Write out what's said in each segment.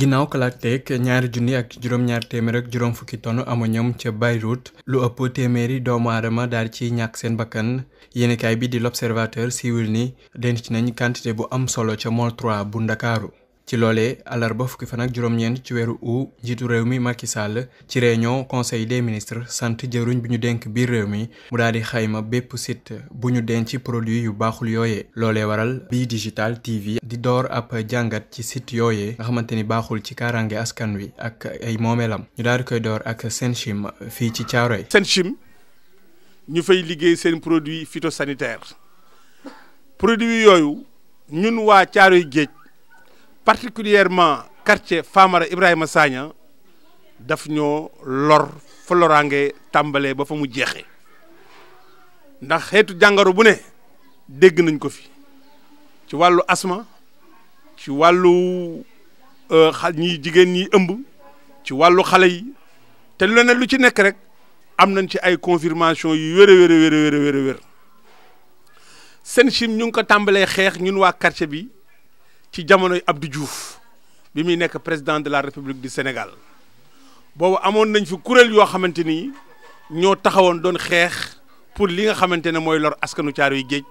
ginnaaw kalaateeg ñaari junni ak juróom-ñaari téeméer ak juróom fukki tonn ammonium ca Beyrouth lu ëpp téeméeri doomu aadama daal ci ñàkk seen bakkan yéenekaay bi di l'observateur siiwil ni denc nañu quantité bu am solo ca Mol bu Ndakaaru ci loolee àllarba fukki fan ak juróom-ñeent ci weeru août njiitu réew mi Macky Sall ci réunion conseil des ministres sant jëruñ bi ñu denk biir réew mi mu daal di xayma bépp site bu ñu denc produit yu baaxul yooyee loolee waral bii digital TV di door ab jàngat ci site yooye nga xamante ni baaxul ci kaaraange askan wi ak ay moomeelam ñu daal di koy door ak Senchim fii ci Thiaroye. Senchim ñu fay liggéey seen produit phytosanitaire produit yooyu ñun waa Thiaroye particulièrement quartier Famara Ibrahima Sagna daf ñoo lor fa loraange tàmbalee ba fa mu jeexee ndax xeetu jàngoro bu ne dégg nañ ko fi ci wàllu asma ci wàllu euh, xa ñi jigéen ñi ëmb ci wàllu xale yi te leneen lu ci nekk rek am nañ ci ay confirmation yu wér a wér a seen chim ñu ngi ko tàmbalee xeex ñun waa quartier bi ci jamonoy Abdou Diouf bi muy nekk président de la République du Sénégal boobu amoon nañ fi kuréel yoo xamante ni ñoo taxawoon doon xeex pour li nga xamante ne mooy lor askanu Caaroy géej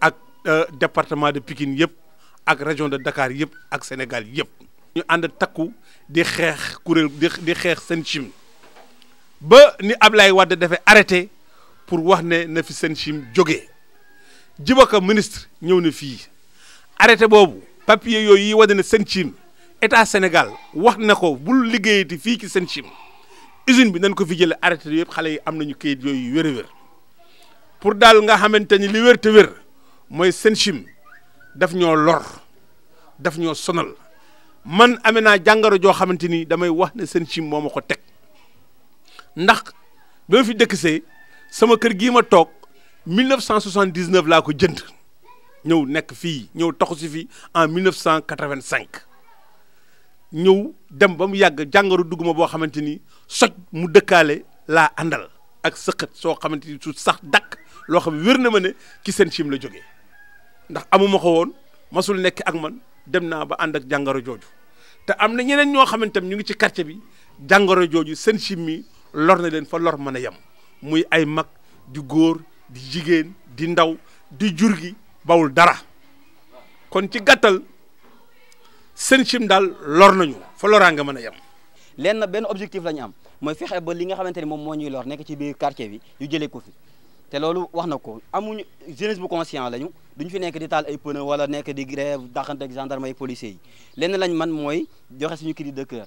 ak euh, département de Pikine yëpp ak région de Dakar yëpp ak Sénégal yëpp. ñu ànd takku di xeex kuréel di xeex seen chim ba ni ablay Wade dafay arrêté pour wax ne na fi seen chim jógee Djibo ministre ñëw na fii arrêté boobu. papier yooyu yi wane na Senchim état Sénégal wax na ko bul liggéey liggéeyati fii ci Senchim usine bi nañ ko fi jëlee arrêté yëpp xale yi am nañu kayit yooyu wér wér pour daal nga xamante ni li wér te wér mooy Senchim daf ñoo lor daf ñoo sonal man amee naa jàngoro joo xamante ni damay wax ne Senchim moom ma ko teg ndax bi ma fi dëkk see sama kër gii ma toog 1979 laa ko jënd. ñëw nekk fii ñëw taxu si fii en 1985 ñëw dem ba mu yàgg jàngaru dugg ma boo xamante ni soj mu dëkkaale laa àndal ak sëqët soo xamante ni su sax dakk loo xam wér na ma ne ci seen chim la jógee ndax amuma ko woon masul nekk ak man dem naa ba ànd ak jàngoro jooju te am na ñeneen ñoo xamante ñu ngi ci quartier bi jàngoro jooju seen chim mi lor na leen fa lor mën a yem muy ay mag di góor di jigéen di ndaw di jur gi bawul dara kon ci gattal seen cim daal lor nañu fa loraa nga mën a yem. lenn benn objectif lañu am mooy fexe ba li nga xamante ni moom moo ñuy lor nekk ci biir quartier bi ñu jëlee ko fi te loolu wax na ko amuñu jeunesse bu conscient lañu ñu fi nekk di taal ay pneu wala nekk di grève daxante ak gendarme ak policiers yi lenn lañ man mooy joxe suñu cri de cœur.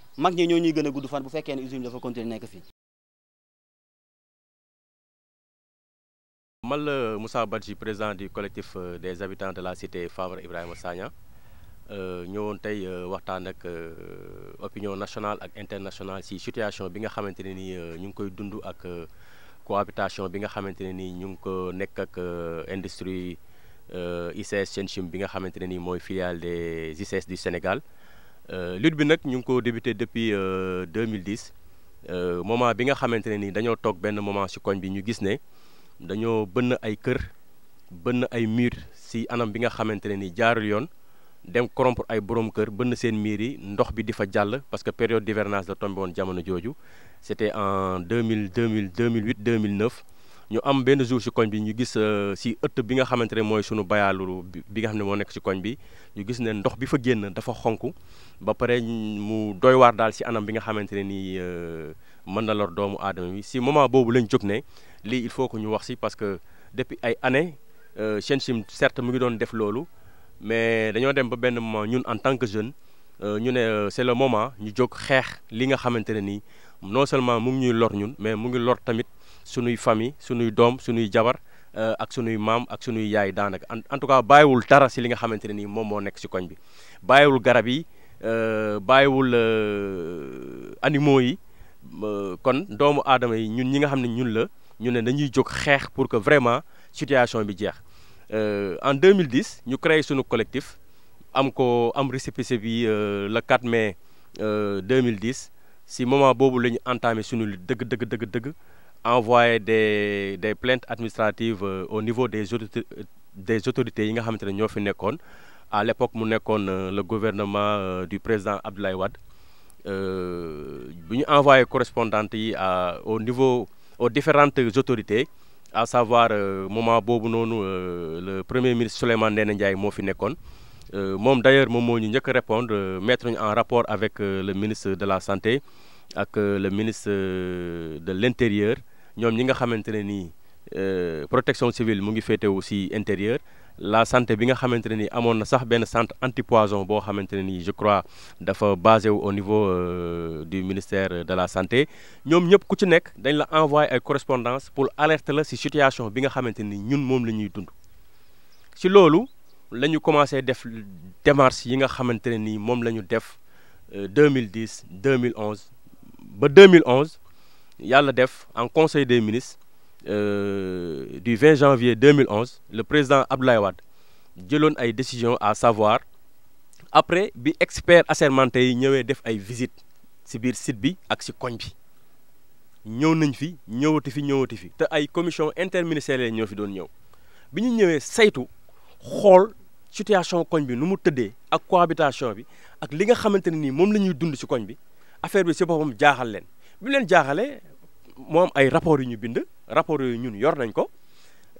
mag ñi ñoo ñuy gën a gudd fan bu fekkee ne usine bi dafa continuer nekk fii. man la Moussa Badji président du collectif euh, des habitants de la cité Favre Ibrahima Sagna euh, ñëwoon tey euh, waxtaan ak opinion nationale ak internationale ci situation bi nga xamante ne ni ñu ngi koy dund ak cohabitation bi nga xamante ne ni ñu ngi ko nekk ak industrie ICS Senchim bi nga xamante ne ni mooy filiale des ICS du Sénégal. Euh, lutte bi nag ñu ngi ko débuté depuis 2010 euh, euh, moment bi nga xamante ne ni dañoo toog benn moment ci koñ bi ñu gis ne dañoo bënn ay kër bënn ay mur ci anam bi nga xamante ne ni jaarul yoon dem corrompre ay borom kër bënn seen miir yi ndox bi di fa jàll parce que période d'hivernage la tombé woon jamono jooju c'était en 2000 2000 2008 2009 ñu am benn jour ci koñ bi ñu gis si euh, ëtt bi nga xamante ne mooy sunu bayaalu bi nga xam ne moo nekk ci koñ bi ñu gis ne ndox bi fa génn dafa xonk ba pare mu doy waar daal si anam bi nga xamante ne nii euh, mën na lor doomu aadama bi si moment boobu lañ jóg ne lii il faut que ñu wax si parce que depuis ay années euh, Senchim certes mu ngi doon def loolu mais dañoo dem ba benn moment ñun en tant que jeune ñu ne c'est le moment ñu jóg xeex li nga xamante ne nii non seulement mu ngi ñuy lor ñun mais mu ngi lor tamit suñuy famille suñuy doom suñuy jabar euh, ak suñuy maam ak suñuy yaay daanaka en tout cas bàyyiwul dara si li nga xamante ne nii moom moo nekk si koñ bi bàyyiwul garab yi euh, bàyyiwul euh, animaux yi kon doomu aadama yi ñun ñi nga xam ne ñun la ñu ne dañuy jóg xeex pour que vraiment situation bi jeex en mille 2010 ñu créer suñu collectif am ko am récépissé bi le 4 mai 2010 si moment boobu la ñu entamé suñu lutte dëgg dëgg dëgg dëgg envoyé des des plaintes administratives euh, au niveau des autorités euh, des autorités yi nga xamante ne ñoo fi nekkoon à l'époque mu nekkoon euh, le gouvernement du président Abdoulaye Wade bu ñu envoyé correspondante yi à au niveau au différentes autorités à savoir moment boobu noonu le premier ministre Souleymane Ndéné Ndiaye moo fi nekkoon Euh, moom d' ailleurs moom moo ñu njëkk a répondre euh, mettre ñu en rapport avec euh, le ministre de la santé ak le ministre de l' intérieur ñoom ñi nga xamante ne nii protection civile mu ngi féetewu si intérieur la santé bi nga xamante ne nii amoon na sax benn centre antipoison boo xamante ne nii je crois dafa basé wu au niveau du ministère de la santé ñoom ñëpp ku ci nekk dañ la envoyé ay correspondance pour alerte la si situation bi nga xamante ni ñun moom la ñuy dund la ñu commencé def démarche yi nga xamante ne nii moom mille ñu def 2010 euh, 2011 ba deux 2011 yàlla def en conseil des ministres euh, du 20 janvier 2011 le président Abdoulaye Wade jëloon ay décisions à savoir après bi experts assermentés tey ñëwee def ay visites si biir site bi ak ci koñ bi ñëw nañ fi ñëwatu fi ñëwati fi te ay commission interministère ñoo fi doon ñëw bi ñu ñëwee saytu xool situation koñ bi nu mu tëddee ak coabitation bi ak li nga xamante ne nii moom la ñuy dund si koñ bi affaire bi ci boppam jaaxal leen bi leen jaaxalee moom ay rapport yu ñu bind rapport yooyu ñun yor nañ ko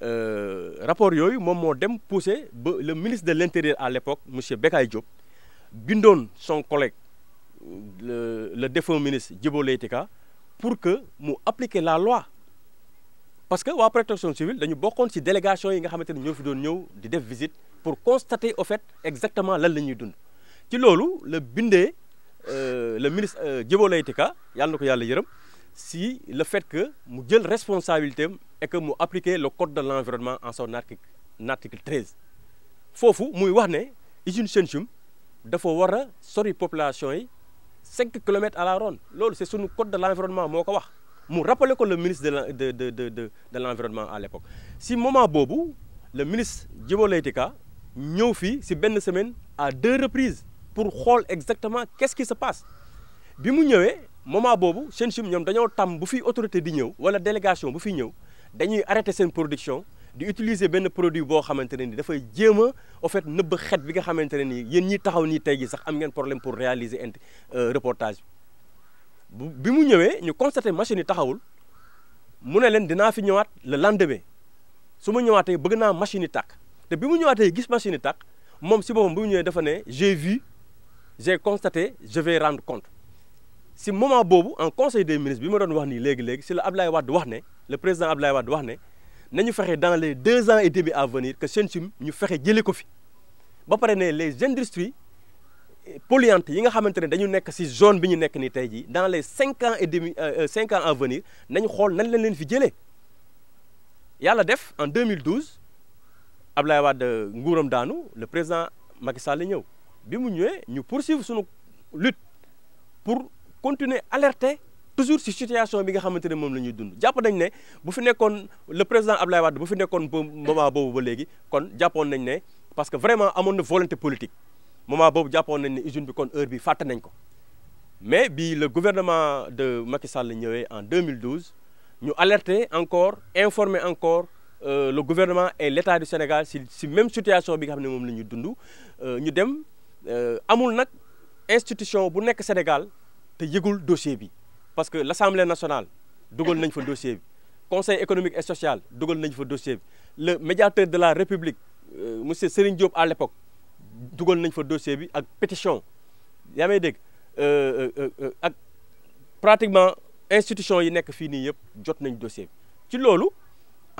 euh, rapport yooyu moom moo dem poussé ba le ministre de l'intérieur à l'époque monsieur Bekay Diop bindoon son collègue le le défunt ministre Djibo Leyti Ka pour que mu appliquer la loi parce que waa protection civile dañu bokkoon si délégation yi nga xamante ne ñoo fi doon ñëw di def pour constater au fait exactement lan la ñuy dund ci loolu la bindee euh, le ministre euh, Djibo Leyti Ka yàlla na ko yàlla yërëm si le fet que mu jël responsabilité am et que mu appliquer le code de l'environnement en son article article treize. foofu muy wax ne usine Senchim dafa war a sori population yi cinq kilomètres à la ronde loolu c'est sunu code de l'environnement moo ko wax mu rappelé ko le ministre de la de de de de de l'environnement à l'époque si moment boobu le ministre Djibo Leyti ñëw fii si benn semaine à deux reprises pour xool exactement qu'est-ce qui se passe bi mu ñëwee moment boobu Senchim ñoom dañoo tàmm bu fi autorité di ñëw wala délégation bu fi ñëw dañuy arrêté seen production di utiliser benn produit boo xamante ne ni dafay jéem a au fait nëbb xet bi nga xamante ne nii yéen ñi taxaw nii tey jii sax am ngeen problème pour réaliser int euh, reportage bi bi mu ñëwee ñu constaté machine yi taxawul mu ne leen dinaa fi ñëwaat le lendemain su ma ñëwaatee bëgg naa machine yi tàkk te bi mu ñëwaatee gis machine yi tàkk moom si boppam bi mu ñëwee dafa ne j'ai vu j'ai constaté je vais rendre compte si moment boobu en conseil des ministres bi ma doon wax nii léegi-léegi si la Ablaye Wade wax ne le président Ablaye Wade wax ne nañu fexe dans les deux ans et demi à venir que Senchim ñu fexe jëlee ko fi ba pare ne les industries polluantes yi nga xamante ne dañu nekk si zone bi ñu nekk nii tey ji dans les cinq ans et demi euh, euh, cinq ans à venir nañu xool nañ leen leen fi jëlee yàlla def en 2012. Ablaye Wade nguuram daanu le président Macky Sall la ñëw bi mu ñëwee ñu poursuivre suñu lut pour continuer alerte toujours si situation bi nga xamante ne moom la ñuy dund jàpp nañ ne bu fi nekkoon le président Ablaye Wade bu fi nekkoon moment boobu ba léegi kon jàppoon nañ ne parce que vraiment amoon na volonté politique moment boobu jàppoon nañ ne usine bi kon heure bi fàtte nañ ko mais bi le gouvernement de Macky la ñëwee en 2012 ñu alerte encore informer encore Euh, le gouvernement et l'État du Sénégal si si même situation bi nga xam ne moom lañu dundu euh, ñu dem euh, amul nag institution bu nekk Sénégal te yëgul dossier bi parce que l'Assemblée nationale dugal nañ fa dossier bi conseil économique et social dugal nañ fa dossier bi le médiateur de la République monsieur Serigne Diop à l'époque dugal nañ fa dossier bi ak pétition yaa may dégg ak pratiquement institution yi nekk fii nii yëpp jot nañ dossier bi ci loolu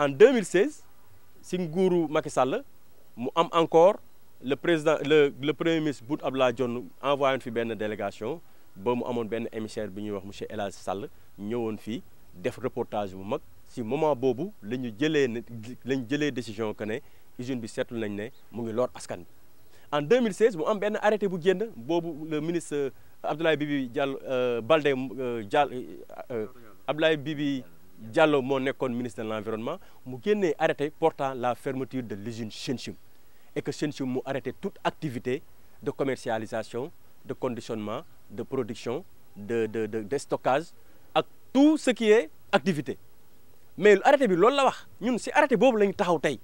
en 2016 si nguuru Macky Sall mu am encore le président le le premier ministre ab la Dionne envoyé fi benn délégation ba mu amoon benn émissaire bi ñuy wax monsieur El Hadj Sall ñëwoon fii def reportage bu mag si moment boobu la ñu jëlee ne la jëlee décision que ne usine bi seetlu nañ ne mu ngi lor askan bi en 2016 mu am benn arrêté bu génn boobu le ministre Abdoulaye Bibi Diallo euh, Balde euh, Diallo euh, bi Bibi. Diallo moo nekkoon ministre de l'environnement mu génnee arrêté portant la fermeture de l'usine Senchim et que Senchim mu arrêté tout activité de commercialisation de conditionnement de production de de de, de stockage ak tout ce activité mais arrêté bi loolu la wax ñun si arrêté boobu la taxaw tey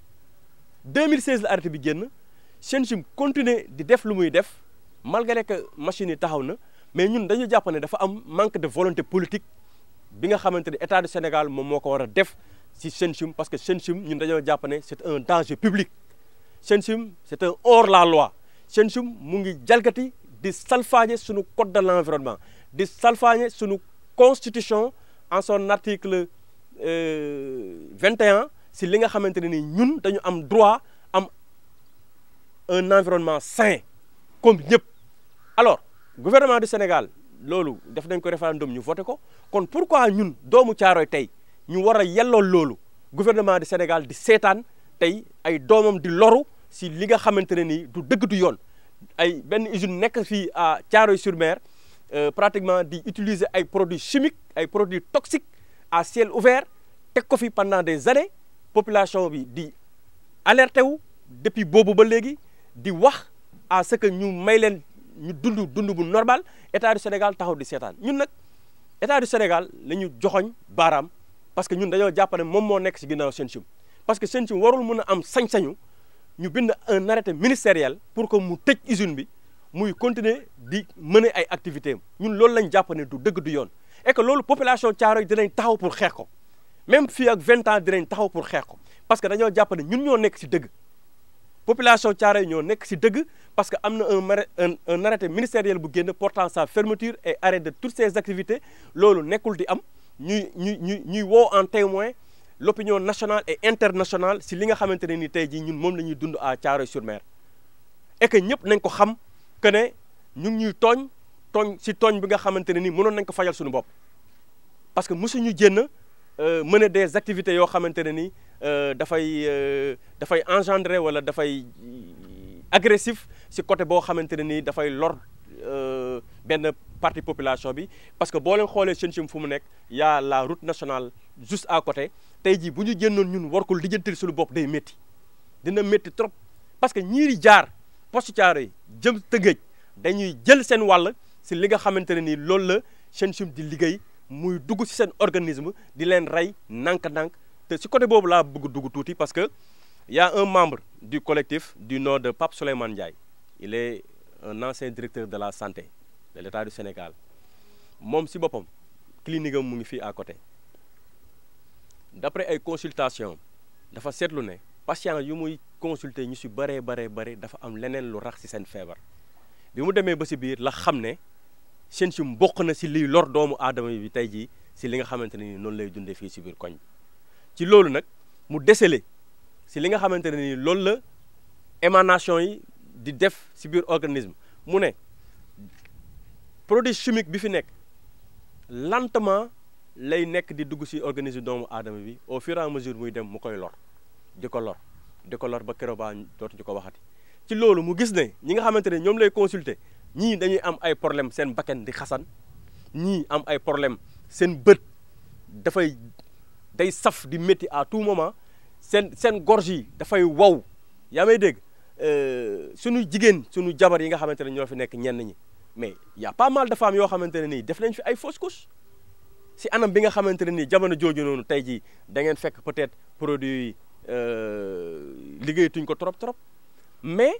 2016 la arrêté bi génn Senchim continuer di def lu muy def malgré que machine yi taxaw na mais ñun dañu jàpp ne dafa am manque de volonté politique bi nga xamante ne état du Sénégal moom moo ko war a def si Senchim parce que Senchim ñun dañoo jàpp ne c' est un danger public Senchim c' est un hors la loi Senchim mu ngi jalgati di salfaañe suñu code de l' environnement di salfaañe suñu constitution en son article 21 euh, si li nga xamante ne ni ñun dañu am droit am un environnement sain comme ñëpp alors gouvernement du Sénégal loolu def nañ ko référendum ñu voté ko kon pourquoi ñun doomu Caaroy tey ñu war a yellool loolu gouvernement de Sénégal di seetaan tey ay doomam di loru si li nga xamante ne nii du dëgg du yoon ay benn usine nekk fii à caaroy sur euh, pratiquement di utiliser ay produits chimique ay produits toxiques à ciel ouvert teg ko fi pendant des années population bi di alerté wu depuis boobu ba léegi di wax à ce que ñu may leen ñu dundu dundu bu normal état du Sénégal taxaw di seetaan ñun nag état du Sénégal la ñu joxoñ baaraam parce que ñun dañoo jàpp ne moom moo nekk si ginnaaw Senchim parce que Senchim warul mën a am sañ-sañu ñu bind un arrêté ministériel pour que mu tëj usine bi muy continuer di mener ay activités ñun loolu lañ jàpp ne du dëgg du yoon et que loolu population Thiaroye dinañ taxaw pour xeex ko même fii ak vingt ans dinañ taxaw pour xeex ko parce que dañoo jàpp ne ñun ñoo nekk ci dëgg population Thiaroye ñoo nekk si dëgg parce que am na un un arrêté ministériel bu génn portant sa fermeture et arrêt de toutes ses activités loolu nekkul di am ñuy ñuy ñuy ñuy woo en témoin l'opinion nationale et internationale si li nga xamante ne ni tey jii ñun moom la ñuy dund à Thiaroye-sur-Mer et que ñëpp nañ ko xam que ne ñu ñuy tooñ tooñ si tooñ bi nga xamante ne ni mënoon nañ ko fajal suñu bopp parce que ñu génn. Euh, mener des activités yoo xamante ne ni euh, dafay euh, dafay engendrer wala dafay agressif si côté boo xamante ne ni dafay lor benn partie population bi parce que boo leen xoolee Sinthiou fu mu nekk y la route nationale juste à côté tey ji bu ñu génnoon ñun war ko lijjantil suñu bopp day métti dina métti trop parce que ñii jaar poste Thiaroye yi jëm Tëngéej dañuy jël seen wàll si li nga xamante ne ni loolu la Sinthiou di liggéey. muy dugg ci seen organisme di leen rey ndànk-ndànk te ci côté boobu laa bugg dugg tuuti parce que y a un membre du collectif du nom de Pape Souleymane Ndiaye il est un ancien directeur de la santé de l'État du Sénégal moom si boppam clinique mu ngi fii à côté d'après ay consultation dafa seetlu ne patient yu muy consulté ñu si bare bare bari dafa am leneen lu rax ci seen feebar bi mu demee ba si biir la xam ne Senchim bokk na si liy lor doomu aadama bi tey jii si li nga xamante ne ni noonu lay dundee fii si biir koñ bi ci loolu nag mu décelé si li nga xamante ne ni loolu la émanation yi di def si biir organisme mu ne produit chimique bi fi nekk lentement lay nekk di dugg si organisme doomu aadama bi au fur et à mesure muy dem mu koy lor di ko lor di ko lor ba keroog dootu dootuñu ko waxati ci loolu mu gis ne ñi nga xamante ne ñoom lay consulter ñii dañuy am ay problème seen bakkan di xasan ñii am ay problème seen bët dafay day saf di métti à tout moment seen seen gorge yi dafay wow yaa may dégg euh, suñu jigéen suñu jabar yi nga xamante ne ñoo fi nekk ñenn ñi mais y a pas mal de yoo xamante ne nii def nañ fi ay fausse si anam bi nga xamante ne nii jamono jooju noonu tey jii da ngeen fekk peut-être produit yi euh, liggéeyatuñ ko trop trop mais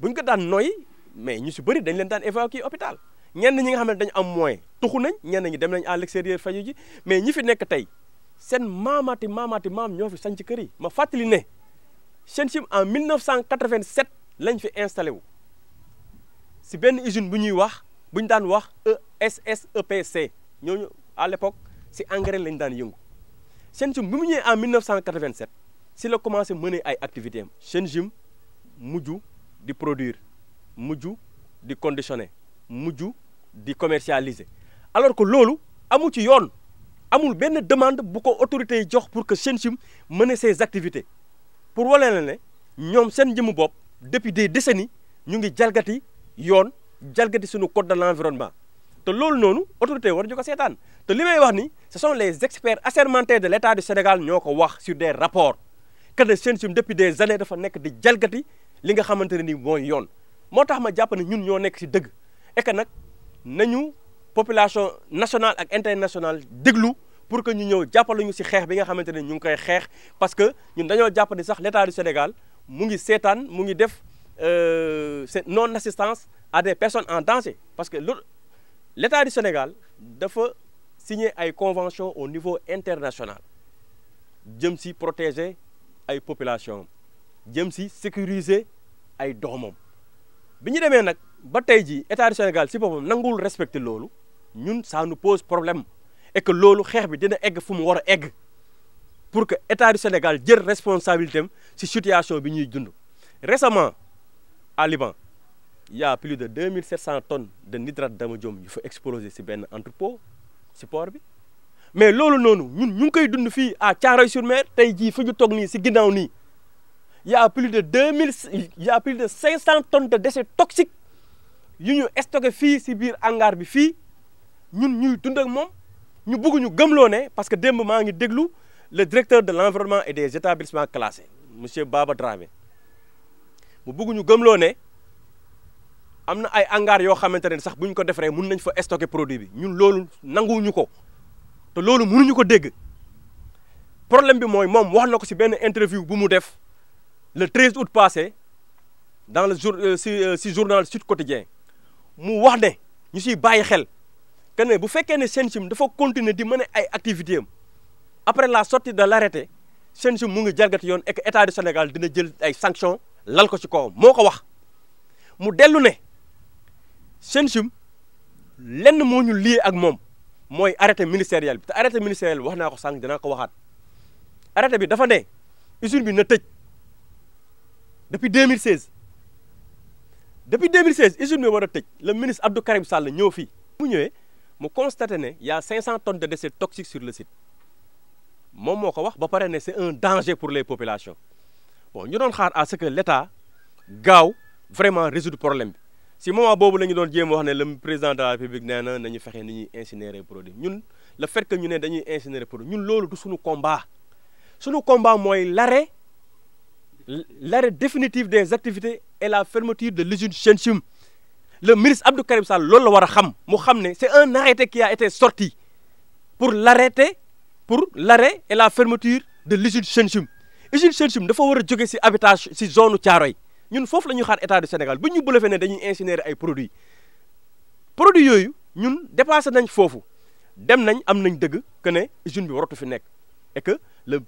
buñ ko daan noy mais ñu si bëri dañ leen daan évacuer hôpital ñenn ñi nga xam ne dañu am moyen tuxu nañ ñenn ñi dem nañ à l'extérieur faju ji mais ñi fi nekk tey seen maamaati maamaati maam ñoo fi sanc kër yi ma fàttali ne Senchim en 1987 lañ fi installé wu si benn usine bu ñuy wax bu ñu daan wax ESSEPC ñooñu à l'époque si engrais lañ daan yëngu Senchim bi mu ñëwee en 1987 si la commencé mener ay activités am Senchim mujju di produire. mujju di conditionné mujj di commercialisé alors que loolu amu ci yoon amul benn demande bu ko autorité yi jox pour que Senchim mène ses activité pour wane la ne ñoom seen jëmu bopp depuis des décennies ñu ngi jalgati yoon jalgati suñu code de l'environnement te loolu noonu autorité war ñu ko seetaan te li may wax ni ce sont les experts assermentés de l'État du Sénégal ñoo ko wax sur des rapports que seen Senchim depuis des années dafa nekk di jalgati li xamante ne ni mooy yoon moo tax ma jàpp ne ñun ñoo nekk si dëgg et nag nañu population nationale ak internationale déglu pour que ñu ñëw jàppale ñu si xeex bi nga xamante ne ñu ngi koy xeex parce que ñun dañoo jàpp sax l'État du Sénégal mu ngi seetaan mu ngi def euh, non assistance à des personnes en danger parce que l'État du Sénégal dafa signer ay convention au niveau international jëm si protéger ay population jëm si sécuriser ay doomam bi ñu demee nag ba tey jii état Sénégal si boppam nanguwul respecté loolu ñun ça nous pose problème et que loolu xeex bi dina egg fu mu war a egg pour que état Sénégal jër responsabilité am si situation bi ñuy dund récemment à Liban il y a plus de 2700 tonnes de nitrate d'ammonium yu fa explosé si benn entrepôt si port bi mais loolu noonu ñun ñu ngi koy dund fii à Thiaroye sur tey jii fu ñu toog nii si ginnaaw nii il y a plus de cinq cent tonnes de déchets toxiques yu ñu stocké fii si biir hangar bi fii ñun ñuy dund ak moom ñu bëgg ñu gëmloo ne parce que démb maa ngi déglu le directeur de l'environnement et des établissements classés monsieur Baba Dramé mu bëgg ñu gëmloo ne am na ay hangar yoo xamante ne sax buñ ko defaree mun nañ fa stocké produit bi ñun loolu nanguwuñu ko te loolu mënuñu ko dégg problème bi mooy moom wax na ko si benn interview bu mu def. le 13 août passé dans le jour si euh, si euh, journal Sud Quotidien mu wax ne ñu siy bàyyi xel que bu fekkee ne Senchim dafa continuer di mener ay activité am après la sortie de l' arrêté Senchim mu ngi jalgati yoon et que état du Sénégal dina jël ay sanctions lal ko ci kawam moo ko wax mu dellu ne Senchim lenn moo ñu lié ak moom mooy arrêté ministériel bi te arrêté ministériel bi wax naa ko sànq dinaa ko waxaat arrêté bi dafa ne usine bi na tëj. depuis 2016 depuis 2016 usine bi war a tëj le ministre Abdou Karim Sall ñëw fii. mu ñëwee mu constaté ne y' a 500 tonnes de déchets toxiques sur le site moom moo ko wax ba pare ne c' est un danger pour les populations bon ñu doon xaar à ce que l' ta gaaw vraiment résoudre problème bi si moment boobu la ñu doon jéem wax ne le président de la république nee na nañu fexe ni ñuy incinérer produit ñun le fait ñu ne dañuy incinérer produit ñun loolu du suñu combat suñu combat mooy lare l'arrêt définitif des activités et la fermeture de l'usine Shenchim le ministre Abdou Karim Sall loolu la war a xam mu xam ne c'est un arrêté qui a été sorti pour l'arrêter pour lare et la fermeture de l'usine Shenchim usine Shenchum dafa war a jóge ci habitage ci zone Thiaroye ñun foofu la ñuy xaar état du Sénégal bu ñu bëlëfee ne dañuy incinérer ay produit produits yooyu ñun dépassé nañ foofu dem nañ am nañ dëgg que ne usine bi waratu fi nekk et que le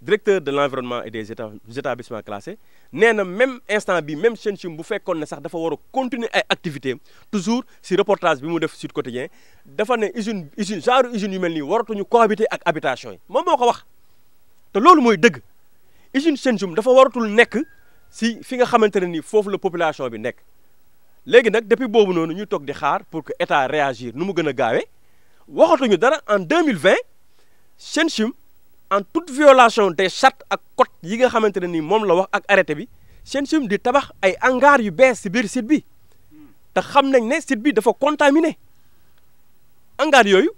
directeur de l' environnement et des établissements classés nee na même instant bi même Senchim bu fekkoon ne sax dafa war a continuer ay activités toujours si reportage bi mu def Sud Quotidien dafa ne usine usine genre usine yu mel nii waratuñu cohabiter ak habitation yi moom moo ko wax te loolu mooy dëgg usine Senchim dafa waratul nekk si fi nga xamante ne nii foofu la population bi nekk léegi nag depuis boobu noonu ñu toog di xaar pour que état réagir nu mu gën a gaawee waxatuñu dara en 2020 Senchim en tout violation des chartes ak code yi nga xamante ne ni moom la wax ak arrêté bi Senchim di tabax ay hangar yu bees si biir site bi te xam nañ ne site bi dafa contaminé hangar yooyu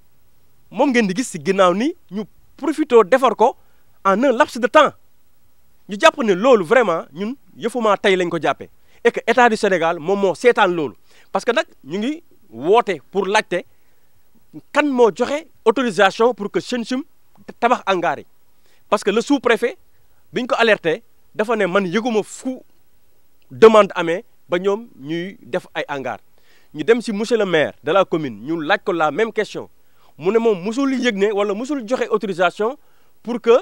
moom ngeen di gis si ginnaaw ni ñu profité defar ko en un laps de temps ñu jàpp ne loolu vraiment ñun yëfumaa tey lañ ko jàppee et que état du Sénégal moom moo seetaan loolu parce que nag ñu ngi woote pour laajte kan moo joxe autorisation pour que Senchim tabax hangar yi parce que le sous-préfet bi ñu ko alerté dafa ne man ma fu demande amee ba ñoom ñuy def ay hangar ñu dem si monsieur le maire de la commune ñu laaj ko la même question mu ne moom musul yëg ne wala musul joxe autorisation pour que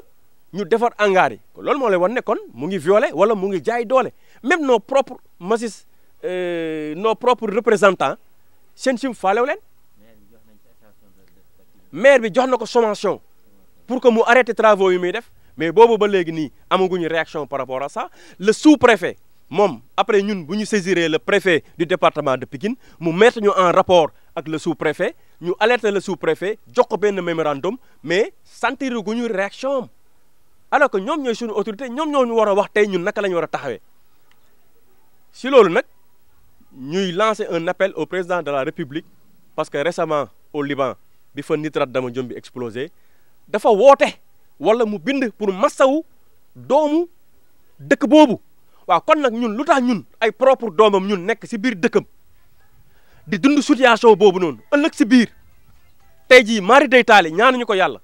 ñu defar hangar yi loolu moo lay wan ne kon mu ngi violé wala mu ngi jaay doole même nos propres masis euh, nos propres représentants seen sim faalew leen maire bi jox na ko sommation pour que mu arrêté travaux yu muy def mais boobu ba léegi nii amaguñu réaction par rapport à ça le sous-préfet moom après ñun bu ñu saisiree le préfet du département de Pikine mu mettre ñu en rapport ak le sous-préfet ñu alerter le sous-préfet jox ko benn mémorandum mais sentir guñu réaction am alors que ñoom ñooy suñu autorité ñoom ñoo ñu war a wax tey ñun naka la ñu war a taxawee si loolu nag ñuy lancer un appel au président de la République parce que récemment au Liban bi fan nitrate dama jëm bi explosé dafa woote wala mu bind pour massawu doomu dëkk boobu waaw kon nag ñun lu tax ñun ay propre doomam ñun nekk si biir dëkkam di dund situation boobu noonu ëllëg si biir tey jii mari taale taali ñaanuñu ko yàlla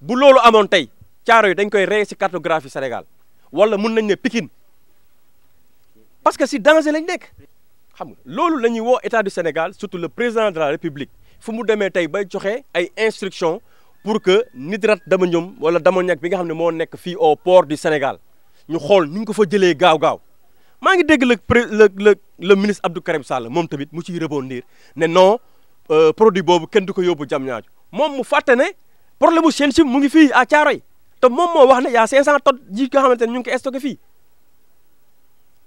bu loolu amoon tey caaro yi dañ koy rey si cartographie Sénégal wala mun nañ ne Pikine parce que si danger lañ nekk xam nga loolu la ñuy woo état du Sénégal surtout le président de la République fu mu demee tey bay joxe ay instructions pour que nitrate d'ammonium wala d'ammoniac bi nga xam ne moo nekk fii au port du Sénégal ñu xool ni ñu ko fa jëlee gaaw gaaw maa ngi dégg le pré le le le ministre Abdou Karim Sall moom tamit mu ciy niir ne noo euh, produit boobu kenn du ko yóbbu Diamniadio moom mu fàtte ne problème mu Senchim mu ngi fii à Thiaroye te moom moo wax ne y a 500 tonnes ji nga xamante ne ñu ngi koy stocké fii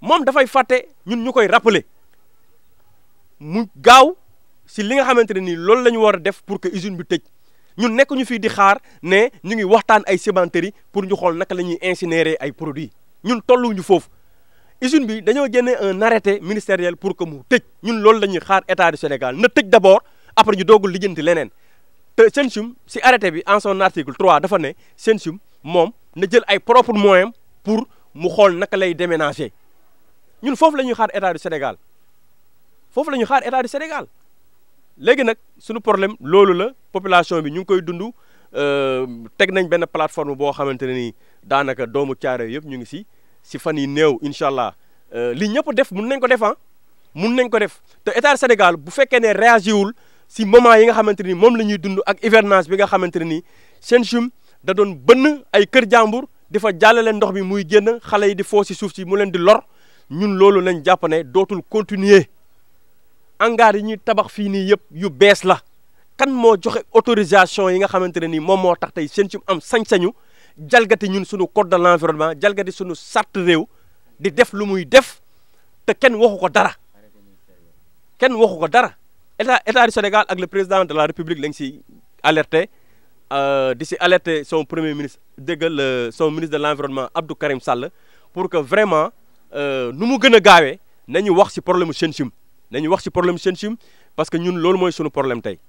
moom dafay fatte ñun ñu koy rappeler mu gaaw si li nga xamante ne nii loolu la ñu war a def pour que usine bi tëj. ñun nekk ñu fii di xaar ne ñu ngi waxtaan ay cimenterie pour ñu xool naka lañuy ñuy ay produits ñun tolluñu foofu usine bi dañoo génne un arrêté ministériel pour que mu tëj ñun loolu lañuy xaar état du Sénégal na tëj d' abord après ñu doogul lijjanti leneen te Senchim si arrêté bi en son trois 3 dafa ne seen Senchim moom na jël ay propres moyens pour mu xool naka lay déménager ñun foofu la ñuy xaar état du Sénégal foofu la ñuy xaar état du Sénégal léegi nag suñu problème loolu la. population bi ñu ngi koy dund euh, teg nañ benn plateforme boo xamante ne ni daanaka doomu Caaroy yëpp ñu ngi si si fan yi néew incha allah euh, li ñëpp def mun nañ ko def ah, mun nañ ko def te état Sénégal bu fekkee ne réagiwul si moment yi nga xamante ni moom la ñuy dund ak hivernage bi nga xamante ne seen Senchim da doon bënn ay kër jàmbur di fa jàllale ndox bi muy génn xale yi di foo si suuf si mu leen di lor ñun loolu lañ jàpp ne dootul continuer engare yi ñuy tabax fii nii yëpp yu bees la. kan moo joxe autorisation yi nga xamante ne ni moom moo tax tey seen ci am sañ-sañu jalgati ñun suñu code de l'environnement jalgati sunu sart réew di def lu muy def te kenn waxu ko dara kenn waxu ko dara état état du Sénégal ak le président de la république la lañ si alerté euh, di si alerte son premier ministre déggal son ministre de l'environnement Abdou Karim Sall pour que vraiment euh, nu mu gën a gaawee nañu wax si problème mu na nañu wax si problème mu Senchim parce que ñun loolu mooy suñu problème tey